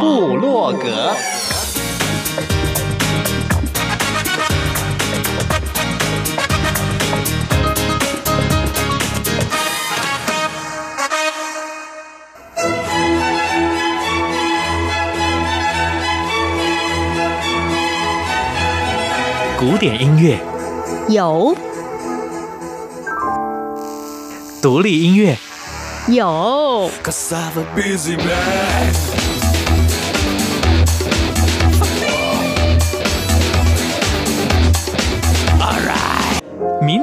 部落格，古典音樂有，獨立音樂有，有。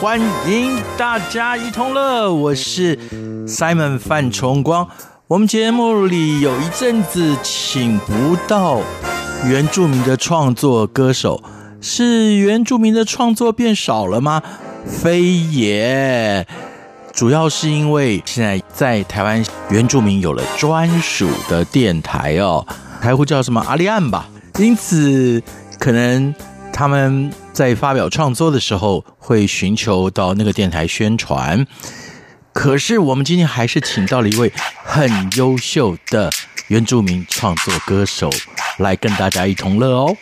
歡迎大家一同樂，我是 Simon 范崇光。我們節目裡有一陣子請不到原住民的創作歌手，是原住民的創作變少了嗎？非也，主要是因為現在在台灣原住民有了專屬的電台哦，台呼叫什麼阿里岸吧，因此可能他們。在發表創作的時候，會尋求到那個電台宣傳。可是，我們今天還是請到了一位很優秀的原住民創作歌手，來跟大家一同樂哦。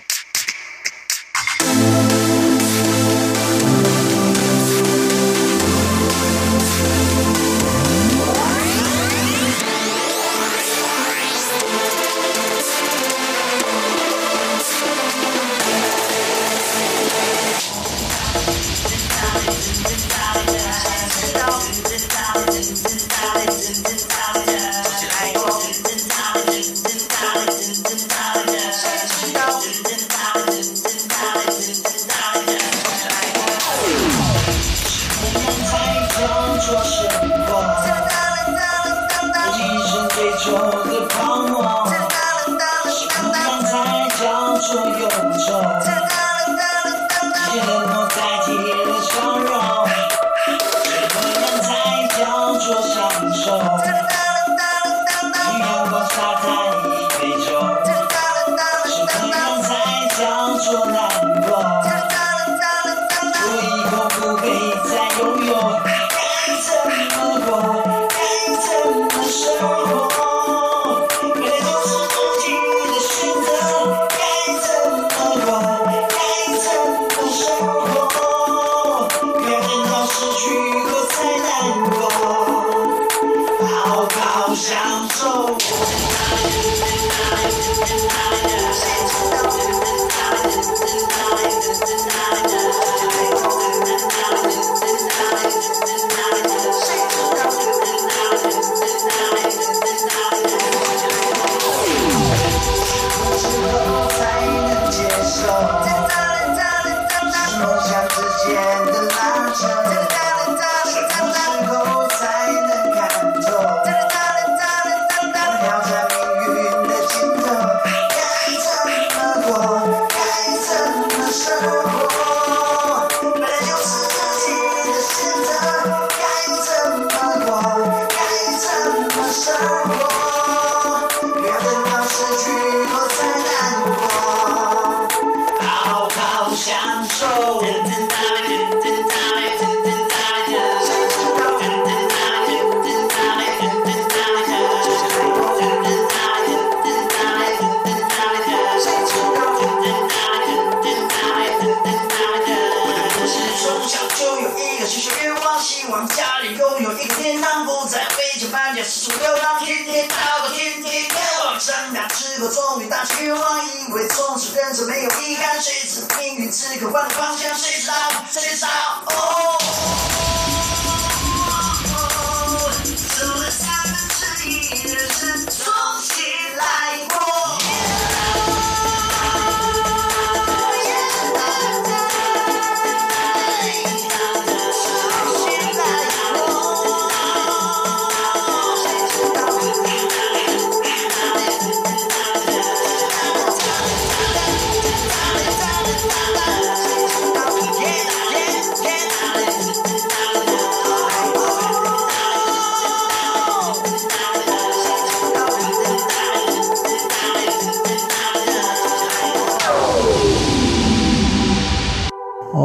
我的方向誰知道？誰知道？哦。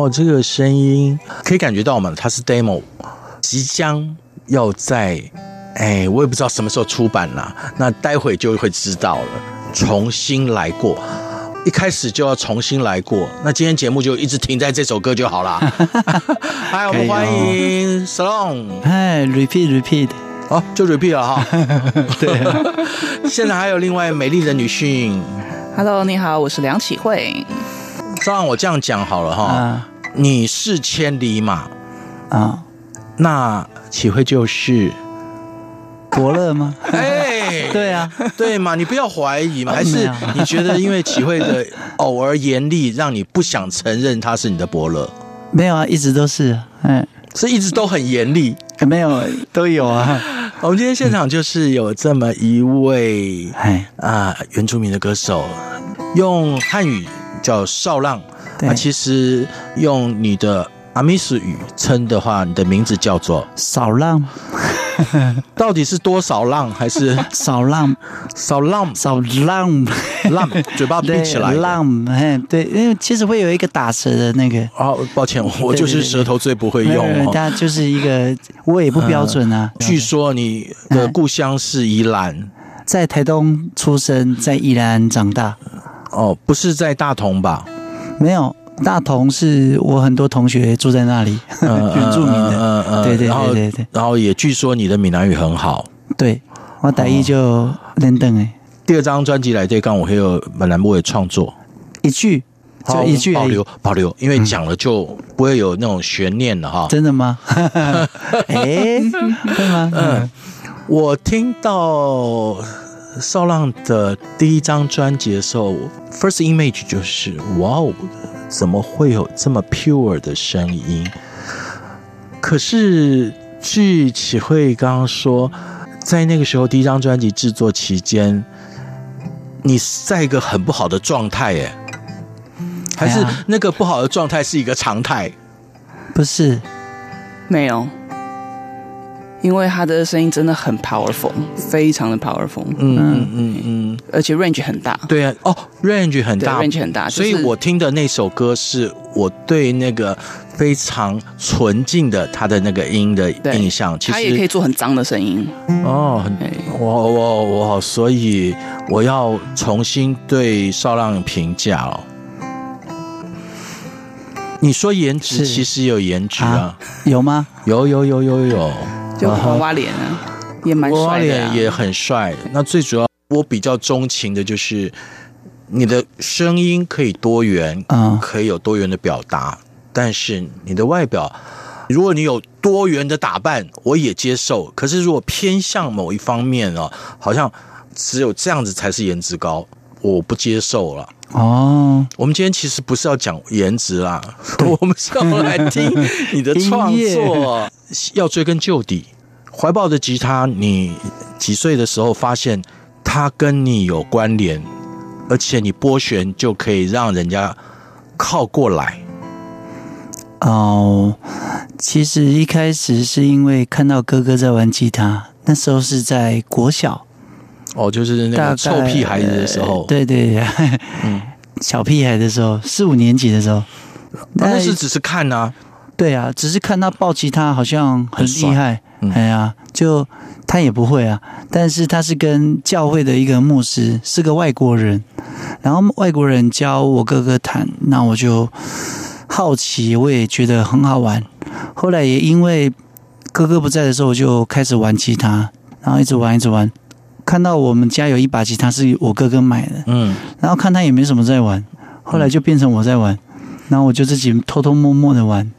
這個聲音可以感覺到嗎？它是 demo，即將要在哎，我也不知道什麼時候出版了。那待會就會知道了。重新來過，一開始就要重新來過。那今天節目就一直停在這首歌就好了。嗨 Hi,、哦，我們歡迎少浪。哎，repeat，repeat，哦、啊，就 repeat 了哈。 對、啊， 現在還有另外美麗的女性。Hello，你好，我是梁啟慧。讓我這樣講好了哈。啊你是千里馬啊，那啟慧就是伯樂嗎？哎、 欸， 對啊對嘛，你不要懷疑嘛，哦、還是你覺得因為啟慧的偶爾嚴厲，讓你不想承認他是你的伯樂？沒有啊，一直都是，嗯、哎，所以一直都很嚴厲，沒有都有啊。 我們今天現場就是有這麼一位、哎、啊原住民的歌手，用漢語叫少浪。那對、啊，其實用你的阿米斯語稱的話，你的名字叫做少浪， 到底是多少浪還是少浪？少浪？少浪？ 浪？嘴巴嘟起來？浪？哎，對，因為其實會有一個打舌的那個。哦，抱歉，我就是舌頭最不會用，但、哦、就是一個我也不標準啊。嗯、據說你的故鄉是宜蘭、嗯，在台東出生，在宜蘭長大。哦，不是在大同吧？沒有，大同是我很多同學住在那裡，原、嗯、 住民的，嗯嗯嗯、對對對對對。然後也據說你的閩南語很好，對，我大一就等等哎。第二張專輯來對剛我還有本欄目的創作一句就一句好保留保留，因為講了就不會有那種懸念了哈、嗯。真的嗎？哎、 欸，對 嗎、嗯嗯？我聽到。少浪的第一張專輯的時候，我 First Image 就是哇哦，怎麼會有這麼 pure 的聲音？可是據啟慧剛剛說，在那個時候第一張專輯制作期間，你是在一個很不好的狀態耶？還是那個不好的狀態是一個常態？哎呀，不是，沒有。因為他的聲音真的很 powerful，非常的 powerful，嗯嗯嗯,嗯而且 range 很大，對啊，哦，range 很大，range 很大，很大就是、所以我聽的那首歌是我對那個非常純淨的他的那個音的印象，對其實他也可以做很髒的聲音哦，我我我，所以我要重新對少浪評價哦。是你說顏值，其實有顏值啊,啊？有嗎？有,有有有有有。就娃娃臉啊，uh-huh, 也蠻娃娃、啊、臉也很帥。Okay. 那最主要，我比較鍾情的就是你的聲音可以多元，嗯、uh-huh. 可以有多元的表達。但是你的外表，如果你有多元的打扮，我也接受。可是如果偏向某一方面哦，好像只有這樣子才是顏值高。我不接受了哦。Oh, 我們今天其實不是要講顏值啦。對 我們是要來聽你的創作啊。 Yeah. 要追根究底，懷抱的吉他，你幾歲的時候發現它跟你有關聯，而且你撥弦就可以讓人家靠過來？哦，oh, 其實一開始是因為看到哥哥在玩吉他，那時候是在國小。哦，就是那個臭屁孩子的時候、呃，對對對，小屁孩的時候，四五年級的時候，但是、嗯、大概只是看吶、啊，對啊，只是看他抱吉他，好像很厲害，哎呀、嗯啊，就他也不會啊，但是他是跟教會的一個牧師，是個外國人，然後外國人教我哥哥彈，那我就好奇，我也覺得很好玩，後來也因為哥哥不在的時候，我就開始玩吉他，然後一直玩，嗯、一直玩。看到我們家有一把吉他是我哥哥買的，嗯，然後看他也沒什麼在玩，後來就變成我在玩，嗯、然後我就自己偷偷摸摸的玩。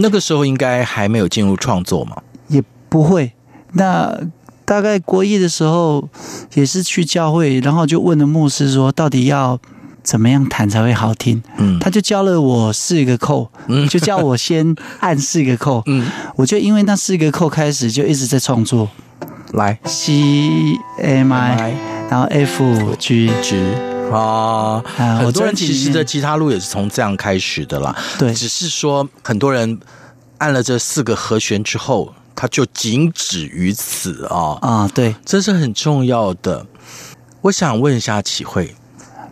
那個時候應該還沒有進入創作嘛？也不會。那大概國一的時候也是去教會，然後就問了牧師說，到底要怎麼樣彈才會好聽？嗯，他就教了我四個扣，嗯， 就叫我先按四個扣，嗯，我就因為那四個扣開始就一直在創作。來 C M I，, M, I 然後 F G G 啊，很多人其實的吉他路也是從這樣開始的啦。對、啊，只是說很多人按了這四個和弦之後，他就僅止於此啊啊！對，這是很重要的。我想問一下啟慧，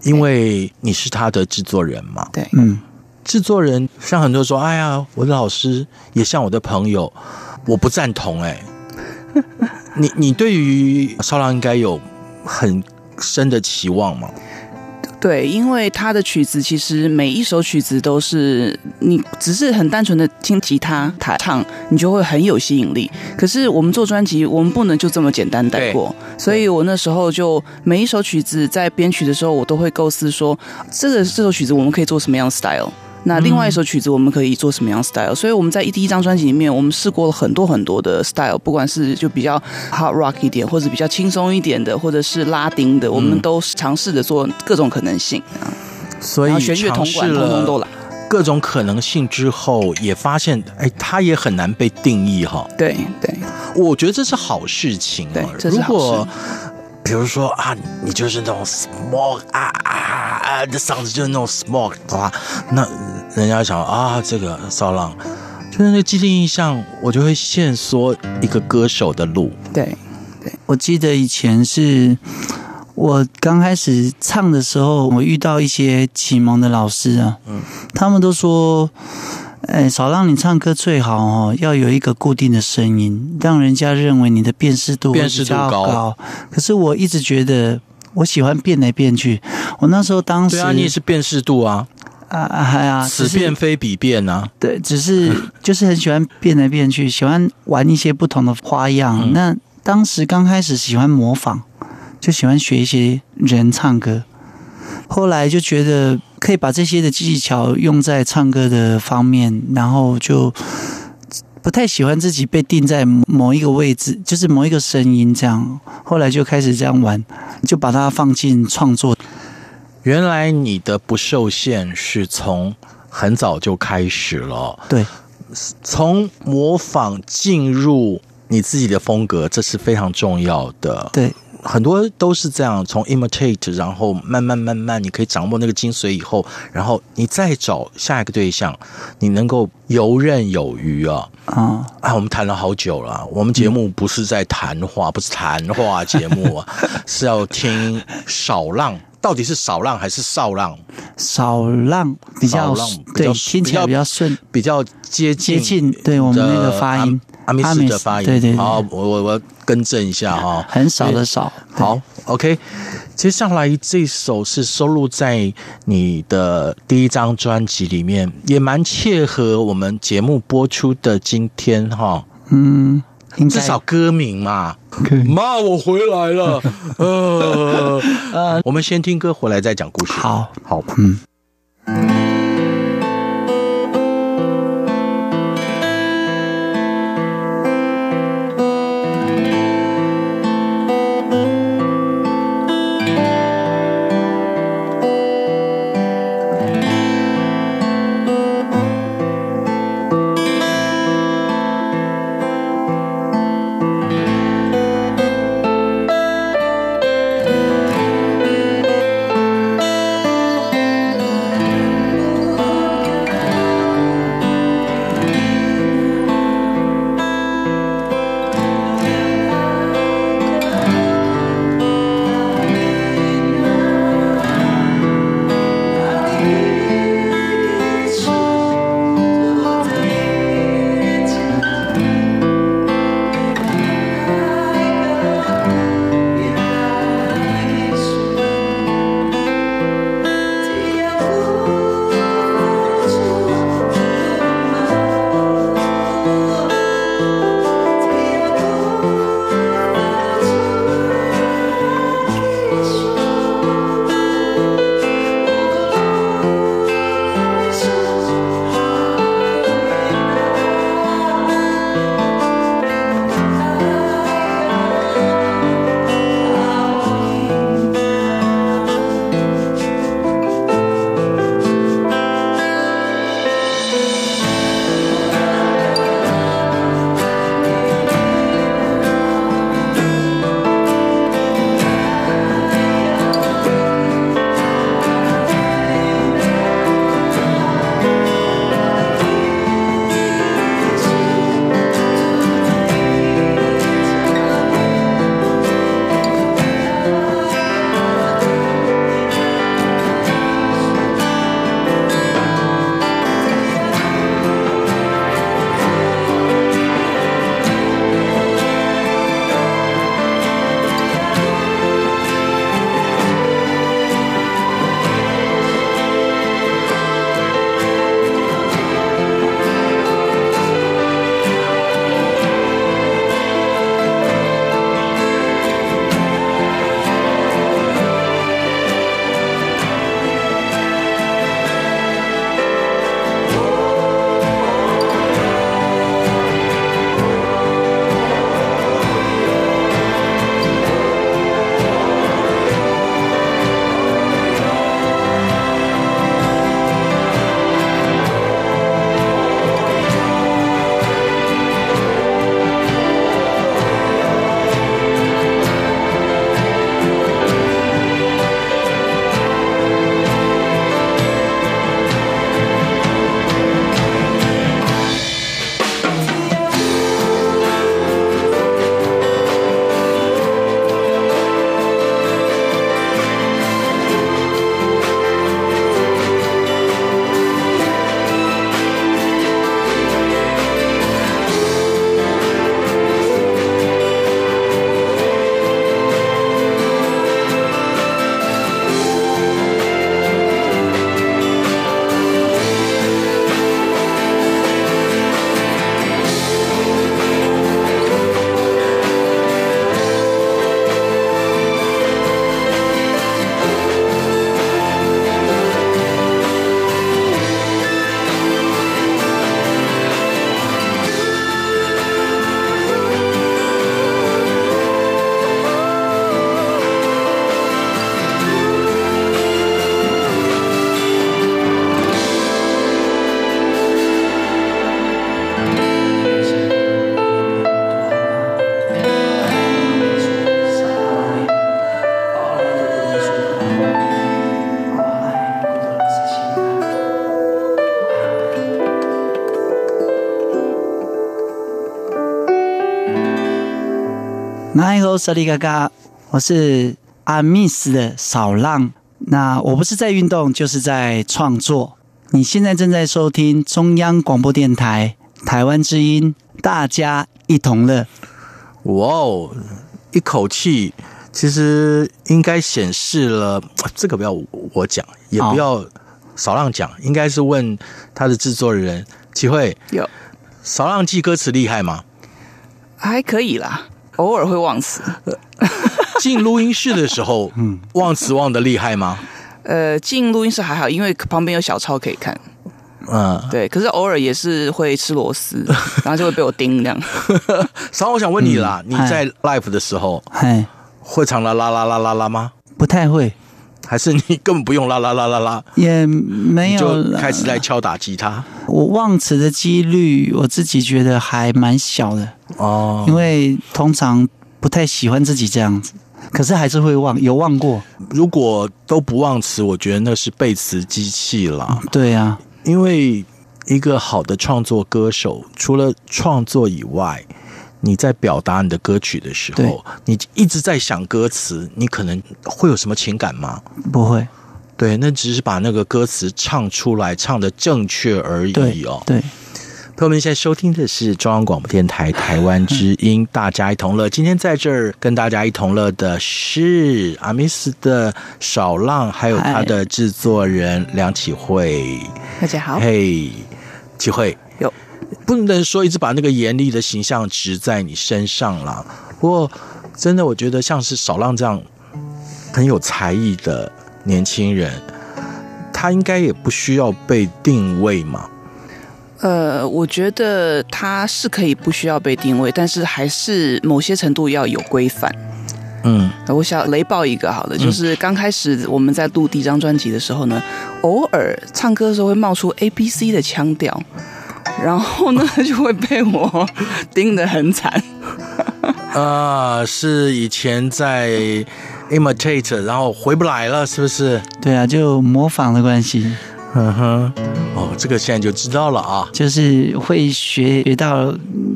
因為你是他的制作人嘛？對，嗯，制作人像很多人說：“哎呀，我的老師也像我的朋友，我不贊同、欸。”哎。你你對於少浪應該有很深的期望嗎？對，因為他的曲子其實每一首曲子都是你只是很單純的聽吉他彈唱，你就會很有吸引力。可是我們做專輯，我們不能就這麼簡單帶過。所以我那時候就每一首曲子在編曲的時候，我都會構思說，這個這首曲子我們可以做什麼樣的 style。那另外一首曲子我們可以做什麼樣 style？嗯、所以我們在一第一張專輯裡面，我們試過了很多很多的 style，不管是就比較 hard rock 一點，或者比較輕鬆一點的，或者是拉丁的，我們都嘗試着做各種可能性。嗯、玄所以，旋律同款，通通都來各種可能性之後，嗯、也發現哎，它也很難被定義哈。對對，我覺得這是好事情，對，這是好事如果比如說啊，你就是那種 smoke 啊啊啊，的、啊啊啊、嗓子就是那種 smoke 的、啊、話，那人家想啊，這個少浪，就是那既定印象，我就會限縮一個歌手的路。對對，我記得以前是我剛開始唱的時候，我遇到一些啟蒙的老師啊，嗯，他們都說。哎，少浪你唱歌最好哦，要有一個固定的聲音，讓人家認為你的辨識度高。辨識度高。可是我一直覺得，我喜歡變來變去。我那時候當時對啊，你也是辨識度啊啊啊！還、哎、啊，是此變非彼變啊。對，只是就是很喜歡變來變去，喜歡玩一些不同的花樣。嗯、那當時剛開始喜歡模仿，就喜歡學一些人唱歌，後來就覺得。可以把這些的技巧用在唱歌的方面，然後就不太喜歡自己被定在某一個位置，就是某一個聲音這樣。後來就開始這樣玩，就把它放進創作。原來你的不受限是從很早就開始了，對，從模仿進入你自己的風格，這是非常重要的，對。很多都是這樣，從 imitate，然後慢慢慢慢，你可以掌握那個精髓以後，然後你再找下一個對象，你能夠游刃有餘啊！哦、啊，我們談了好久了，我們節目不是在談話，嗯、不是談話節目啊， 是要聽少浪，到底是少浪還是少浪？少浪比較，少浪比較對，聽起來比較順，比較接近，對我們那個發音。啊阿米斯的發言，好、哦，我我我更正一下哈。哦、很少的少，對對好，OK。接下來這首是收錄在你的第一張專輯裡面，也蠻切合我們節目播出的今天哈。哦、嗯，至少歌名嘛。媽以，我回來了。呃 呃，我們先聽歌回來再講故事。好好，好嗯。Hello，sorry, 我是阿密斯的少浪。那我不是在運動，就是在創作。你現在正在收聽中央廣播電台《台灣之音》，大家一同樂。哇哦！一口氣，其實應該顯示了這個，不要我講，也不要少浪講，應該是問他的制作人啟慧。會有少浪記歌詞厲害嗎？還可以啦。偶爾會忘詞，進錄音室的時候， 嗯，忘詞忘得厲害嗎？呃，進錄音室還好，因為旁邊有小抄可以看，嗯，對。可是偶爾也是會吃螺絲，然後就會被我盯這樣。然後 我想問你啦，嗯、你在 live 的時候，嗯、會唱了啦啦啦啦啦嗎？不太會。還是你更不用啦啦啦啦啦，也沒有就開始來敲打吉他。我忘詞的幾率，我自己覺得還蠻小的哦，因為通常不太喜歡自己這樣子，可是還是會忘，有忘過。如果都不忘詞，我覺得那是背詞機器啦、嗯。對呀、啊，因為一個好的創作歌手，除了創作以外。你在表達你的歌曲的時候，對你一直在想歌詞，你可能會有什麼情感嗎？不會，對，那只是把那個歌詞唱出來，唱得正確而已哦。哦，對。朋友們，現在收聽的是中央廣播電台《台灣之音》，大家一同樂。 今天在這兒跟大家一同樂的是阿密斯的《少浪》，還有他的製作人嗨梁啟慧。大家好，嘿，啟慧。不能說一直把那個嚴厲的形象植在你身上了。不過，真的，我覺得像是少浪這樣很有才藝的年輕人，他應該也不需要被定位嘛。呃，我覺得他是可以不需要被定位，但是還是某些程度要有規範。嗯，我想雷暴一個好的，嗯、就是剛開始我們在錄第一張專輯的時候呢，偶爾唱歌的時候會冒出 A、B、C 的腔調。然後呢，就會被我盯得很慘。啊、呃，是以前在 imitate，然後回不來了，是不是？對啊，就模仿的關係。嗯哼，哦，這個現在就知道了啊。就是會學學到，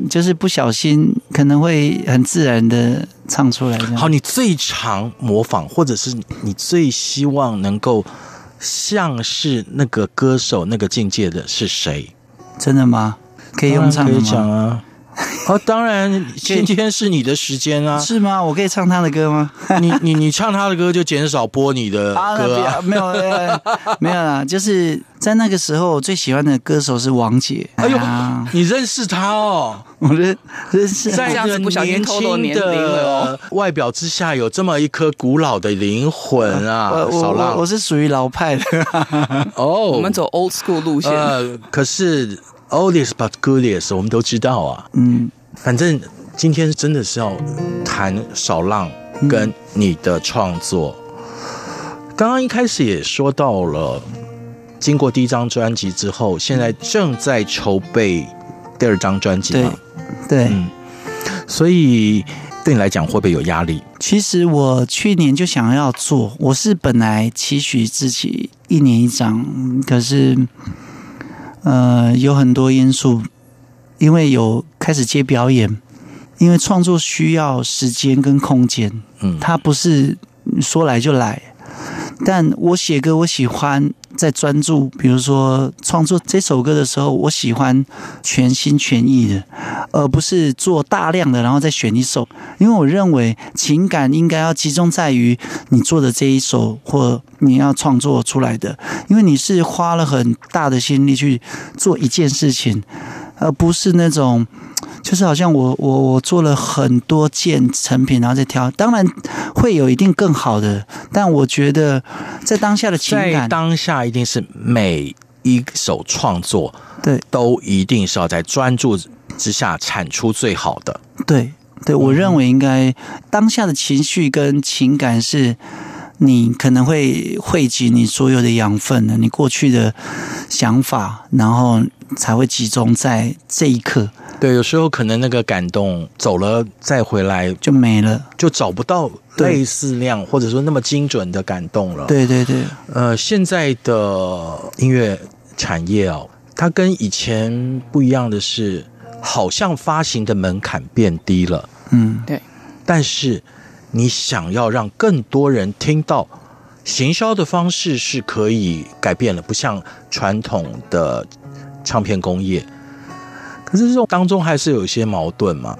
就是不小心可能會很自然的唱出來這樣。好，你最常模仿，或者是你最希望能夠像是那個歌手那個境界的是誰？真的嗎？可以用唱嗎？哦，當然，今天是你的時間啊，是嗎？我可以唱他的歌嗎？ 你你你唱他的歌就減少播你的歌，啊 啊，沒有沒有啦，就是在那個時候，我最喜歡的歌手是王傑。哎呦，啊、你認識他哦？我認認識。在這樣年輕的外表之下有這麼一顆古老的靈魂啊！啊我我是屬於老派的哦。我們走 old school 路線。啊、可是。Oldies but goodies，我們都知道啊。嗯，反正今天真的是要談少浪跟你的創作。嗯、剛剛一開始也說到了，經過第一張專輯之後，現在正在籌備第二張專輯嘛？對，對、嗯，所以對你來講會不會有壓力？其實我去年就想要做，我是本來期許自己一年一張，可是。呃，有很多因素，因為有開始接表演，因為創作需要時間跟空間，嗯，它不是說來就來，但我寫歌我喜歡。在專注，比如說創作這首歌的時候，我喜歡全心全意的，而不是做大量的，然後再選一首。因為我認為情感應該要集中在於你做的這一首，或你要創作出來的，因為你是花了很大的心力去做一件事情，而不是那種。就是好像我我我做了很多件成品，然後再挑。當然會有一定更好的，但我覺得在當下的情感，在當下一定是每一首創作，對，都一定是要在專注之下產出最好的。對，對，我認為應該當下的情緒跟情感是。你可能會匯集你所有的養分了，你過去的想法，然後才會集中在這一刻。對，有時候可能那個感動走了，再回來就沒了，就找不到類似量，對或者說那麼精準的感動了。對對對。呃，現在的音樂產業哦，它跟以前不一樣的是，好像發行的門檻變低了。嗯，對，但是。你想要讓更多人聽到，行銷的方式是可以改變了，不像傳統的唱片工業。可是這種當中還是有一些矛盾嘛。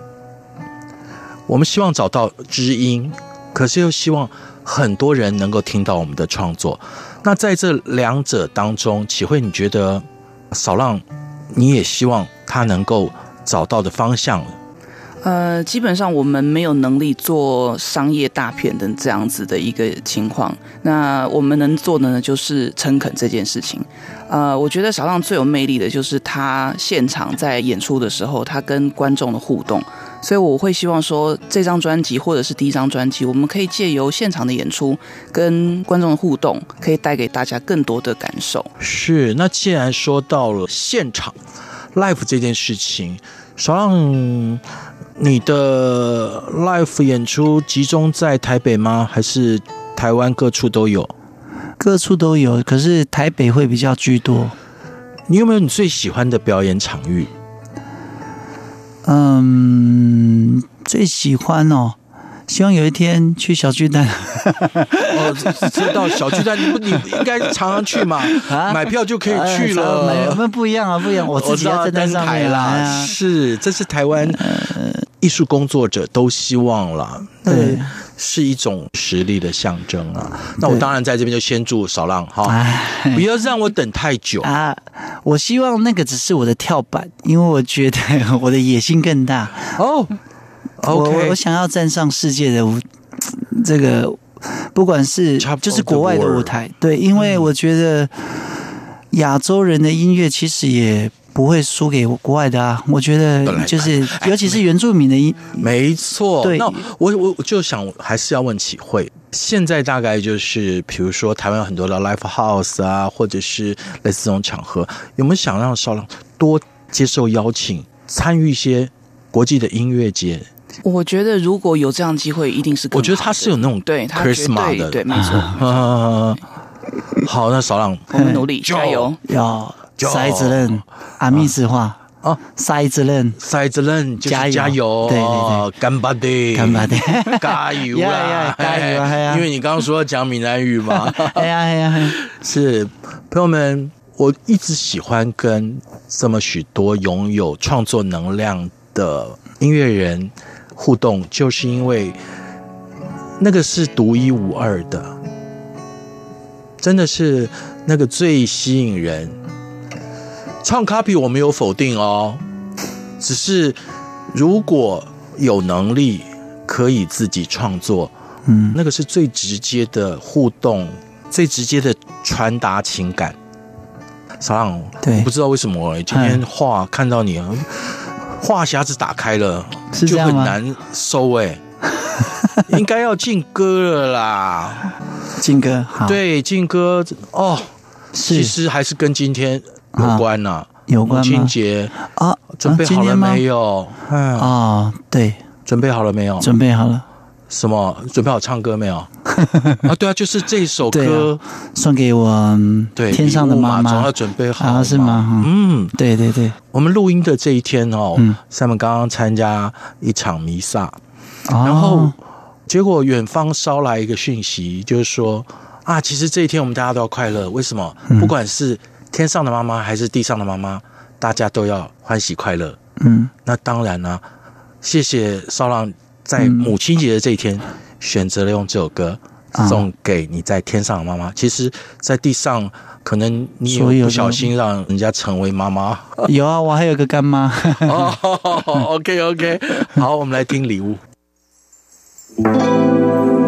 我們希望找到知音，可是又希望很多人能夠聽到我們的創作。那在這兩者當中，啟慧你覺得少浪，你也希望他能夠找到的方向？呃，基本上我們沒有能力做商業大片的這樣子的一個情況。那我們能做的呢，就是誠懇這件事情。呃，我覺得少浪最有魅力的就是他現場在演出的時候，他跟觀眾的互動。所以我會希望說，這張專輯或者是第一張專輯，我們可以借由現場的演出跟觀眾的互動，可以帶給大家更多的感受。是。那既然說到了現場 live 這件事情，少浪。你的 live 演出集中在台北嗎？還是台灣各處都有？各處都有，可是台北會比較居多。你有沒有你最喜歡的表演場域？嗯，最喜歡哦，希望有一天去小巨蛋。 哦，知道小巨蛋，你不你應該常常去嘛？啊、買票就可以去了。我們、啊、不一樣啊，不一樣，我自己要登台啦。哎、呀是，這是台灣。呃藝術工作者都希望啦，對，對，是一種實力的象徵啊。對那我當然在這邊就先祝少浪對哈，唉不要讓我等太久啊！我希望那個只是我的跳板，因為我覺得我的野心更大哦。Oh, okay. 我我想要站上世界的舞這個，不管是 ab 就是國外的舞台，the war. 對，因為我覺得亞洲人的音樂其實也。不會輸給國外的啊！我覺得就是，尤其是原住民的音，沒，沒錯。對，那我我就想還是要問啟慧，現在大概就是，譬如說台灣有很多的 live house 啊，或者是類似這種場合，有沒有想讓少浪多接受邀請，參與一些國際的音樂節？我覺得如果有這樣機會，一定是我覺得他是有那種 Christ 對 Christmas 的，對，沒錯。嗯、 好，那少浪，我們努力嘿就 加油，要。就塞子嫩，嗯、阿美斯話哦，塞子嫩，塞子嫩，加油加油！對，對，對，干巴爹干巴爹，加油！呀嘿，加油！因為你剛剛說要講閩南語嘛，哎呀哎呀，是朋友們，我一直喜歡跟這麼許多擁有創作能量的音樂人互動，就是因為那個是獨一無二的，真的是那個最吸引人。唱卡比我沒有否定哦，只是如果有能力可以自己創作，嗯，那個是最直接的互動，最直接的傳達情感。少浪，對，不知道為什麼今天話看到你啊，嗯、話匣子打開了，就很樣難收哎， 應該要進歌了啦，進歌好，對，進歌哦，是其實還是跟今天。有關呢？有關嗎？母親節啊，準備好了沒有？啊，對，準備好了沒有？準備好了。什麼？準備好唱歌沒有？啊，對啊，就是這首歌送給我對天上的媽媽，準備好是嗎？嗯，對對對。我們錄音的這一天哦，賽蒙剛剛參加一場彌撒，然後結果遠方捎來一個訊息，就是說啊，其實這一天我們大家都要快樂。為什麼？不管是天上的媽媽還是地上的媽媽，大家都要歡喜快樂。嗯，那當然了、啊。謝謝少浪在母親節的這一天，嗯、選擇了用這首歌送給你在天上的媽媽。嗯、其實，在地上，可能你也不小心讓人家成為媽媽。有，有， 有啊，我還有個乾媽。哦、 oh,，OK，OK，、okay, okay. 好，我們來聽禮物。嗯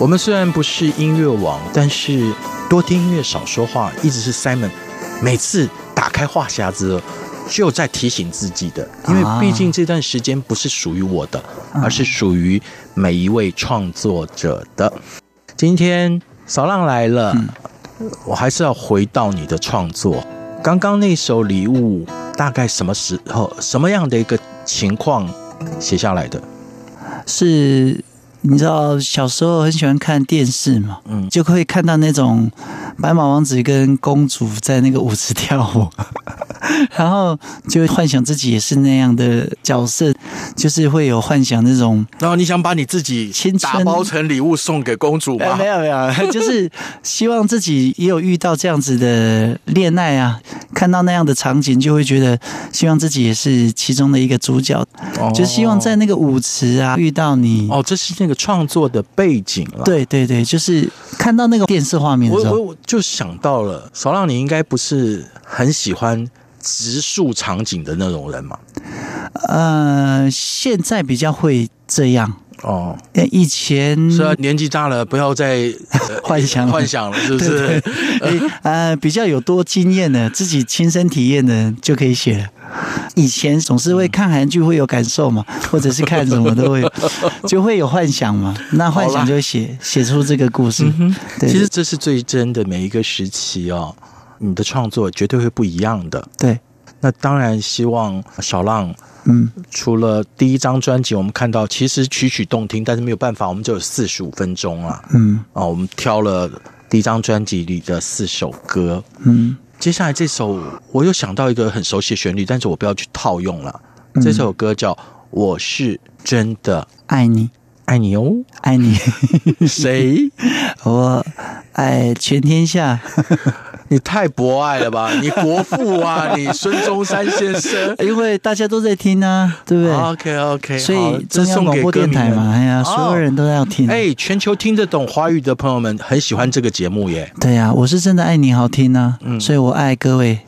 我們雖然不是音樂王，但是多聽音樂少說話一直是 Simon。每次打開話匣子，就在提醒自己的，因為畢竟這段時間不是屬於我的，啊、而是屬於每一位創作者的。嗯、今天少浪來了，嗯、我還是要回到你的創作。剛剛那首禮物，大概什麼時候什麼樣的一個情況寫下來的？是。你知道小時候很喜歡看電視嘛，嗯，就可以看到那種白馬王子跟公主在那個舞池跳舞。 然後就會幻想自己也是那樣的角色，就是會有幻想那種。然後你想把你自己青春打包成禮物送給公主嗎？沒有沒有，就是希望自己也有遇到這樣子的戀愛啊，看到那樣的場景就會覺得，希望自己也是其中的一個主角，哦、就希望在那個舞池啊遇到你。哦，這是那個創作的背景了。對對對，就是看到那個電視畫面的時候，我我就想到了。少浪，你應該不是很喜歡。植樹場景的那種人嘛，嗯，現在比較會這樣哦。以前雖然年紀大了，不要再幻想幻想了，是不是？哎，呃，比較有多經驗的，自己親身體驗的就可以寫。以前總是會看韓劇會有感受嘛，或者是看什麼都會有，就會有幻想嘛。那幻想就寫寫出這個故事。其實這是最真的每一個時期哦。你的創作絕對會不一樣的。對，那當然希望少浪，嗯，除了第一張專輯，我們看到其實曲曲動聽，但是沒有辦法，我們只有四十五分鐘啊，嗯，啊，我們挑了第一張專輯裡的四首歌，嗯，接下來這首我又想到一個很熟悉的旋律，但是我不要去套用了。嗯，這首歌叫《我是真的愛你，愛你哦，愛你，》 誰？ 我愛全天下。 你太博愛了吧！你國父啊， 你孫中山先生，因為大家都在聽啊，對不對？OK OK，所以這送給電台嘛，哎呀，所有人都要聽哦。哎，全球聽得懂華語的朋友們很喜歡這個節目耶。對呀，啊，我是真的愛你，好聽啊。嗯，所以我愛各位。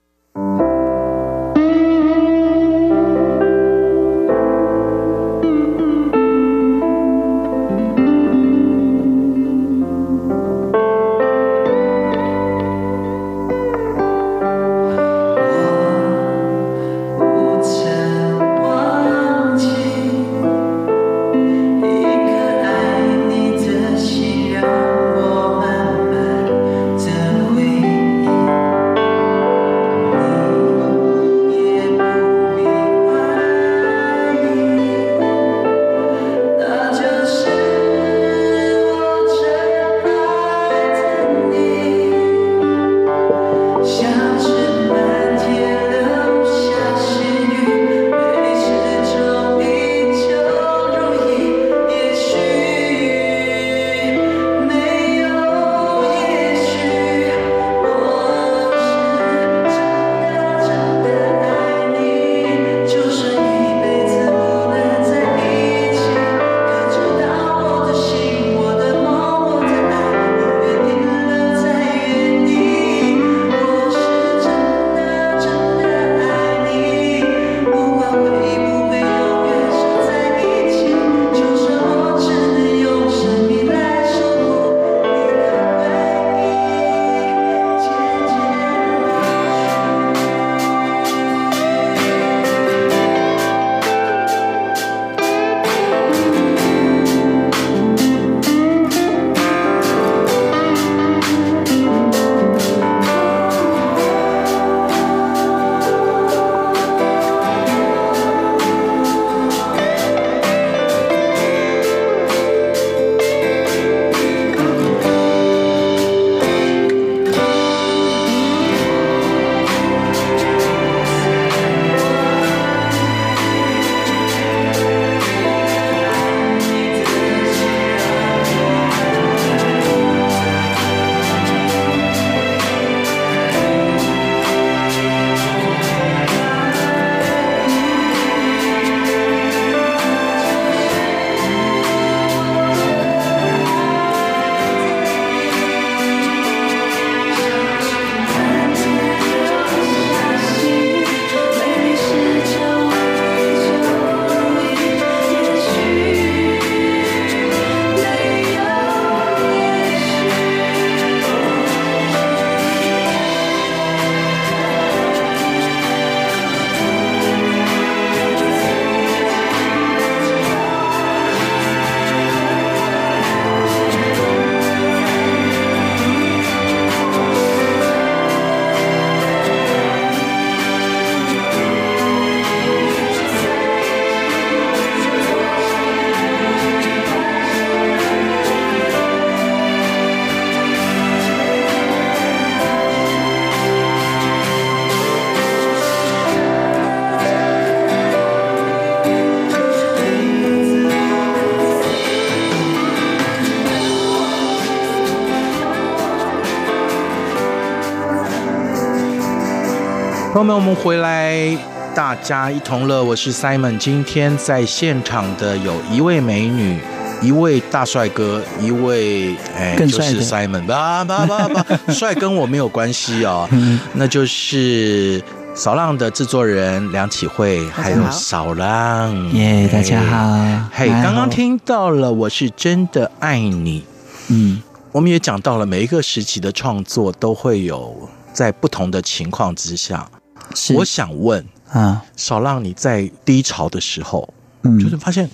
朋友們，我們回來，大家一同樂。我是 Simon，今天在現場的有一位美女，一位大帥哥，一位哎，更帥的就是 Simon，不不不不，帥跟我沒有關係哦，那就是少浪的製作人梁啟慧，還有少浪，耶，大家好，嘿，剛剛聽到了，我是真的愛你，嗯，我們也講到了每一個時期的創作都會有在不同的情況之下。啊、我想問啊，少浪，你在低潮的時候，嗯、就是發現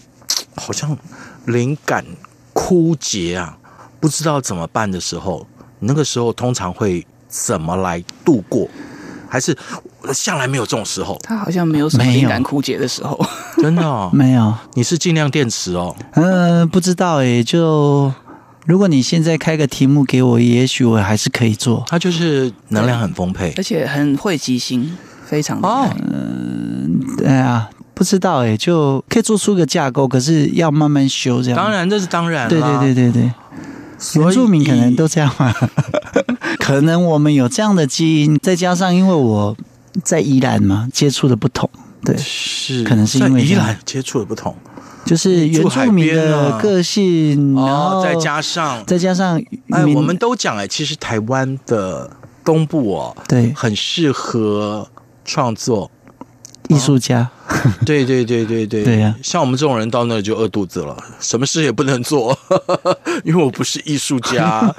好像靈感枯竭啊，不知道怎麼辦的時候，你那個時候通常會怎麼來度過？還是向來沒有這種時候？他好像沒有什麼靈感枯竭的時候。真的哦，沒有？你是盡量電池哦？嗯、呃，不知道，欸，也就。如果你現在開個題目給我，也許我還是可以做。他就是能量很豐沛，而且很會即興，非常的。哦、嗯，對啊，不知道誒、欸、就可以做出一個架構，可是要慢慢修這樣。當然，這是當然、啊。對對對對對，所以原住民可能都這樣嘛。 可能我們有這樣的基因，再加上因為我在宜蘭嘛，接觸的不同，對，是可能是因為在宜蘭接觸的不同。 就是原住民的個性，啊、然後、哦、再加上再加上、哎、明我們都講哎，其實台灣的東部哦，對，很適合創作。藝術家，對對對對對對呀！像我們這種人到那兒就餓肚子了，什麼事也不能做，因為我不是藝術家。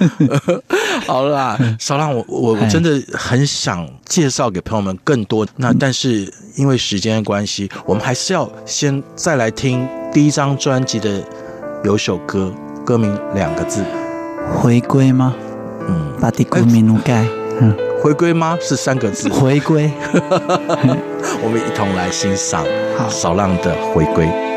好了啦，少浪，我我真的很想介紹給朋友們更多，那但是因為時間的關係，我們還是要先再來聽第一張專輯的有首歌，歌名兩個字，回歸嗎？嗯，巴蒂古米努蓋。嗯回歸嗎？是三個字，回歸歸。 我們一同來欣賞好少浪的回歸。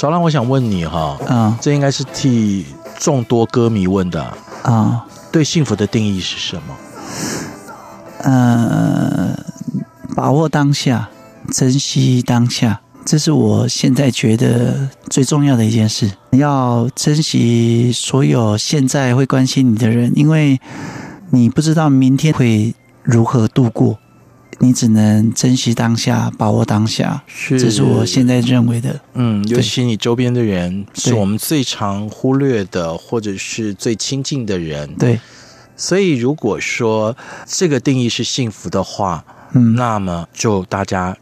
少浪，我想問你哈、哦，嗯、哦，這應該是替眾多歌迷問的啊。哦、對幸福的定義是什麼？嗯、呃，把握當下，珍惜當下，這是我現在覺得最重要的一件事。要珍惜所有現在會關心你的人，因為你不知道明天會如何度過。你只能珍惜當下，把握當下，是，這是我現在認為的。嗯，尤其你周邊的人對是我們最常忽略的，對或者是最親近的人。對，所以如果說這個定義是幸福的話，嗯，那麼就大家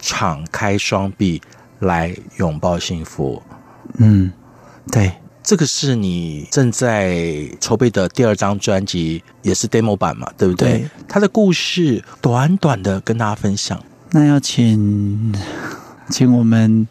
敞開雙臂來擁抱幸福。嗯，對。這個是你正在籌備的第二張專輯，也是 demo 版嘛，對不對？對。他的故事，短短的跟大家分享。那要請，請我們。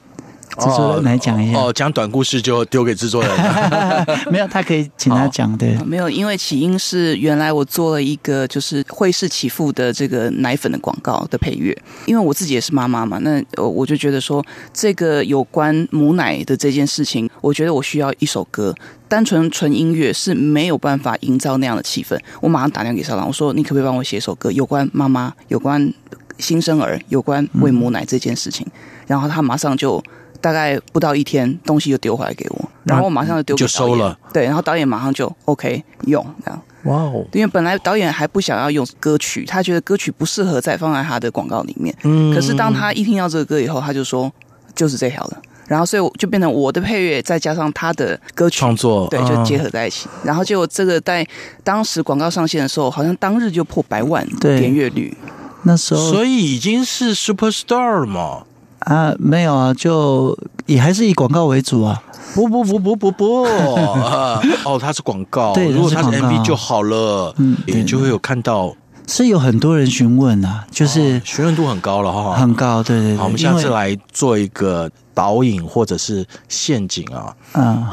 製作人來講一下哦，講、哦、短故事就丟給製作人， 沒有他可以請他講、哦、對，沒有，因為起因是原來我做了一個就是惠氏啟賦的這個奶粉的廣告的配樂，因為我自己也是媽媽嘛，那我就覺得說，這個有關母奶的這件事情，我覺得我需要一首歌，單純純音樂是沒有辦法營造那樣的氣氛，我馬上打電話給少浪，我說你可不可以幫我寫首歌，有關媽媽，有關新生兒，有關餵母奶這件事情，嗯、然後他馬上就。大概不到一天，東西就丟回來給我，然後我馬上就丟給導演，就收了，對，然後導演馬上就 OK 用這樣。哇哦 Wow！因為本來導演還不想要用歌曲，他覺得歌曲不適合再放在他的廣告裡面。嗯。可是當他一聽到這個歌以後，他就說：“就是這條了。”然後所以我就變成我的配樂，再加上他的歌曲創作，對，就結合在一起。嗯、然後結果這個在當時廣告上線的時候，好像當日就破百萬對點閱率。那時候，所以已經是 super star 了嘛。啊，沒有啊，就也還是以廣告為主啊。不不不不不不， 哦，他是廣告，對，如果它是 MV 就好了，對嗯，你就會有看到。是有很多人詢問啊，就是、哦、詢問度很高了哈，好好很高，對對對。對好，我們下次來做一個導引或者是陷阱啊。嗯。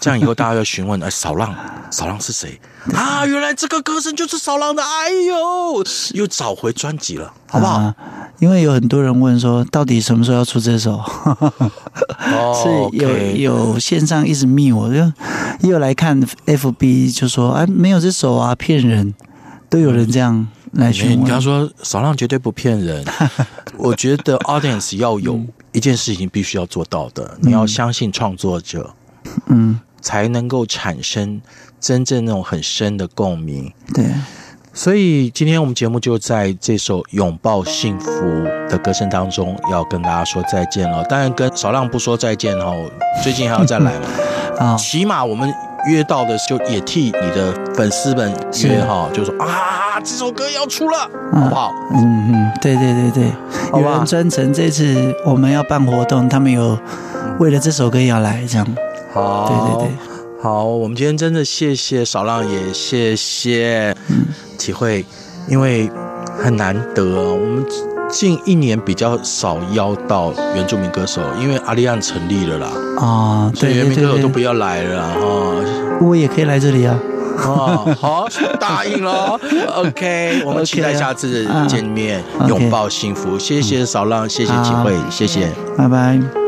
這樣以後大家要詢問，哎，少浪，少浪是誰啊？原來這個歌聲就是少浪的。哎呦，又找回專輯了，好不好，啊？因為有很多人問說，到底什麼時候要出這首？ 是有 okay, 有，有線上一直密，我就又來看 FB，就說哎，啊，沒有這首啊，騙人！都有人這樣來詢問。嗯、你剛剛說少浪絕對不騙人， 我覺得 Audience 要有一件事情必須要做到的，嗯、你要相信創作者。嗯，才能夠產生真正那種很深的共鳴。對，所以今天我們節目就在這首《擁抱幸福》的歌聲當中，要跟大家說再見了。當然，跟少浪不說再見哈，最近還要再來嘛。啊， 起碼我們。約到的時候也替你的粉絲們約好，是就說啊，這首歌要出了，啊、好不好？嗯嗯，對對對對，吧有人專程這次我們要辦活動，他們有為了這首歌要來，這樣。好，對對對，好，我們今天真的謝謝少浪也謝謝、嗯、啟慧，因為很難得我們。近一年比較少邀到原住民歌手，因為阿麗安成立了啦，所以原民歌手都不要來了哈。我也可以來這裡啊。哦，好，答應了。OK，我們期待下次見面，擁抱幸福。謝謝少浪，謝謝啟慧，謝謝，拜拜。